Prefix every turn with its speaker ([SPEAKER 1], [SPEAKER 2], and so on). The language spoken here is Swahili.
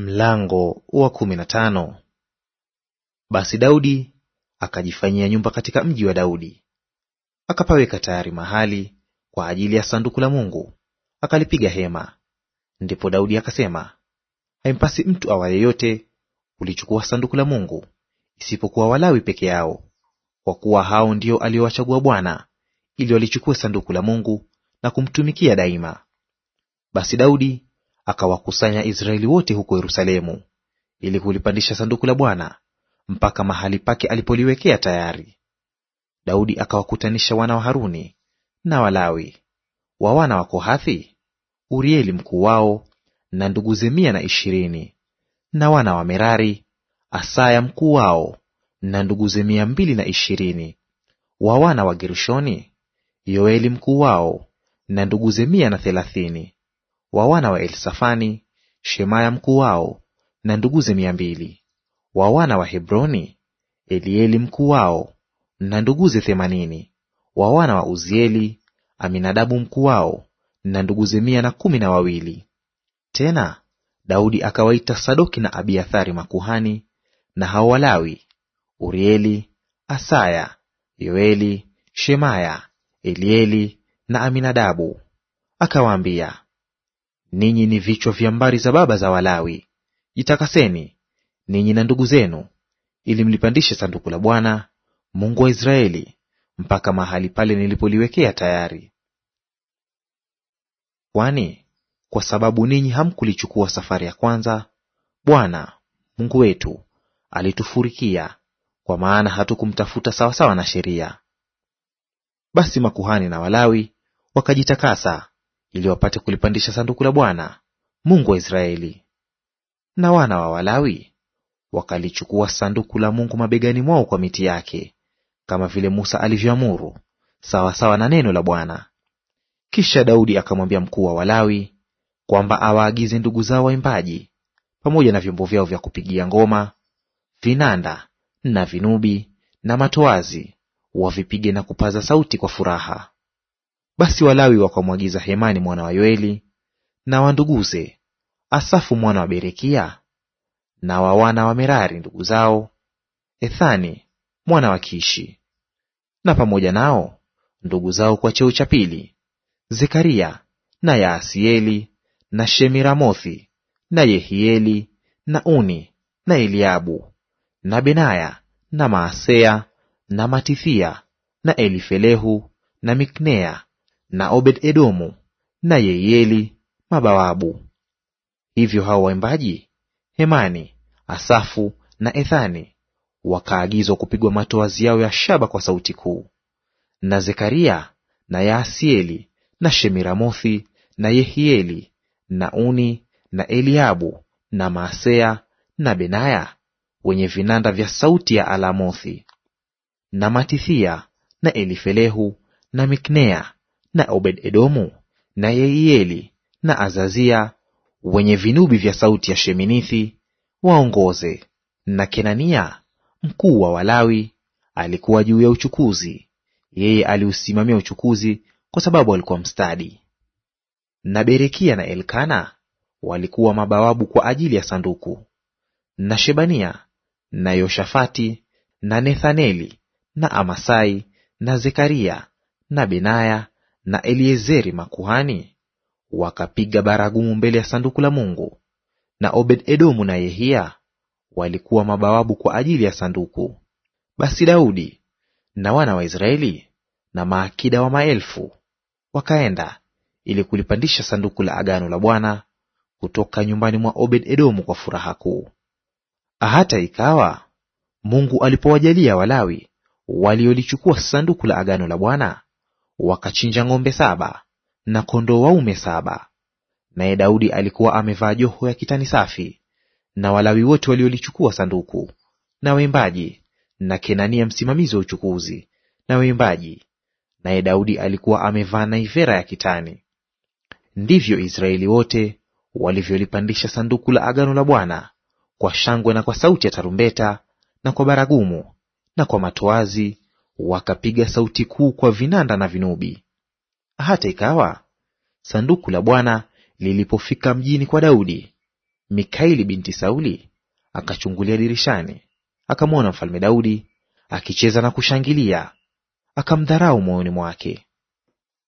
[SPEAKER 1] Mlango wa kumi na tano. Basi Daudi akajifanyia nyumba katika mji wa Daudi, akapaweka tayari mahali kwa ajili ya sanduku la Mungu, akalipiga hema. Ndipo Daudi akasema, haimpasi mtu awa yeyote kulichukua sanduku la Mungu isipokuwa Walawi peke yao, kwa kuwa hao ndio aliowachagua Bwana ili walichukue sanduku la Mungu na kumtumikia daima. Basi Daudi akawakusanya Israeli wote huko Yerusalemu ili kulipandisha sanduku la Bwana mpaka mahali pake alipoliwekea tayari. Daudi akawakutanisha wana wa Haruni na Walawi. Wa wana wa Kohathi, Urieli mkuu wao na nduguze mia na ishirini, na wana wa Merari, Asaya mkuu wao na nduguze mia mbili na ishirini. Wa wana wa Gershoni, Yoeli mkuu wao na nduguze mia na thelathini wa wana wa Elsafani Shemaya mkuu wao na nduguze mia mbili. Wa wana wa Hebroni Elieli mkuu wao na nduguze themanini. Wa wana wa Uzieli Aminadabu mkuu wao na nduguze mia na kumi na wawili. Tena Daudi akawaita Sadoki na Abiathari makuhani na hao Walawi, Urieli, Asaya, Yoeli, Shemaya, Elieli na Aminadabu. Akawaambia, Ninyi ni vichwa vya mbari za baba za Walawi. Jitakaseni ninyi na ndugu zenu, ili mlipandishe sanduku la Bwana Mungu wa Israeli mpaka mahali pale nilipoliwekea tayari. Kwani kwa sababu ninyi hamkulichukua safari ya kwanza, Bwana Mungu wetu alitufurikia, kwa maana hatukumtafuta sawasawa na sheria. Basi makuhani na Walawi wakajitakasa ili wapate kulipandisha sanduku la Bwana Mungu wa Israeli. Na wana wa Walawi wakalichukua sanduku la Mungu mabegani mwao kwa miti yake, kama vile Musa alivyoamuru, sawasawa na neno la Bwana. Kisha Daudi akamwambia mkuu wa Walawi kwamba awaagize ndugu zao waimbaji pamoja na vyombo vyao vya kupigia ngoma, vinanda na vinubi na matoazi, wavipige na kupaza sauti kwa furaha. Basi Walawi wakamwagiza Hemani mwana wa Yoeli na wanduguze Asafu mwana wa Berekia na wa wana wa Merari ndugu zao Ethani mwana wa Kishi na pamoja nao ndugu zao kwa cheo cha pili Zekaria na Yaasieli na Shemiramothi na Yehieli na Uni na Eliabu na Benaya na Maasea na Matithia na Elifelehu na Miknea na Obed-Edomu na yeieli mabawabu. Hivyo hao waimbaji Hemani, Asafu na Ethani wakaagizwa kupigwa matoazi yao ya shaba kwa sauti kuu. Na Zekaria na Yaasieli na Shemiramothi na Yehieli na Uni na Eliabu na Maasea na Benaya wenye vinanda vya sauti ya alamothi na Matithia na Elifelehu na Miknea na Obed-Edomu na Yeieli na Azazia wenye vinubi vya sauti ya sheminithi waongoze, na Kenania mkuu wa Walawi alikuwa juu ya uchukuzi; yeye aliusimamia uchukuzi kwa sababu alikuwa mstadi. Na Berekia na Elkana walikuwa mabawabu kwa ajili ya sanduku, na Shebania na Yoshafati na Nethaneli na Amasai na Zekaria na Benaya na Eliezeri makuhani wakapiga baragumu mbele ya sanduku la Mungu, na Obed-Edomu na Yehia walikuwa mabawabu kwa ajili ya sanduku. Basi Daudi na wana wa Israeli na maakida wa maelfu wakaenda ili kulipandisha sanduku la agano la Bwana kutoka nyumbani mwa Obed-Edomu kwa furaha kuu. Hata ikawa Mungu alipowajalia Walawi waliolichukua sanduku la agano la Bwana, wakachinja ng'ombe saba na kondoo waume saba. Naye Daudi alikuwa amevaa joho ya kitani safi, na Walawi wote waliolichukua sanduku na waimbaji, na Kenania msimamizi wa uchukuzi na waimbaji, naye Daudi alikuwa amevaa naivera ya kitani. Ndivyo Israeli wote walivyolipandisha sanduku la agano la Bwana kwa shangwe na kwa sauti ya tarumbeta na kwa baragumu na kwa matoazi wakapiga sauti kuu kwa vinanda na vinubi. Hata ikawa sanduku la Bwana lilipofika mjini kwa Daudi, Mikaili binti Sauli akachungulia dirishani, akamwona mfalme Daudi akicheza na kushangilia, akamdharau moyoni mwake.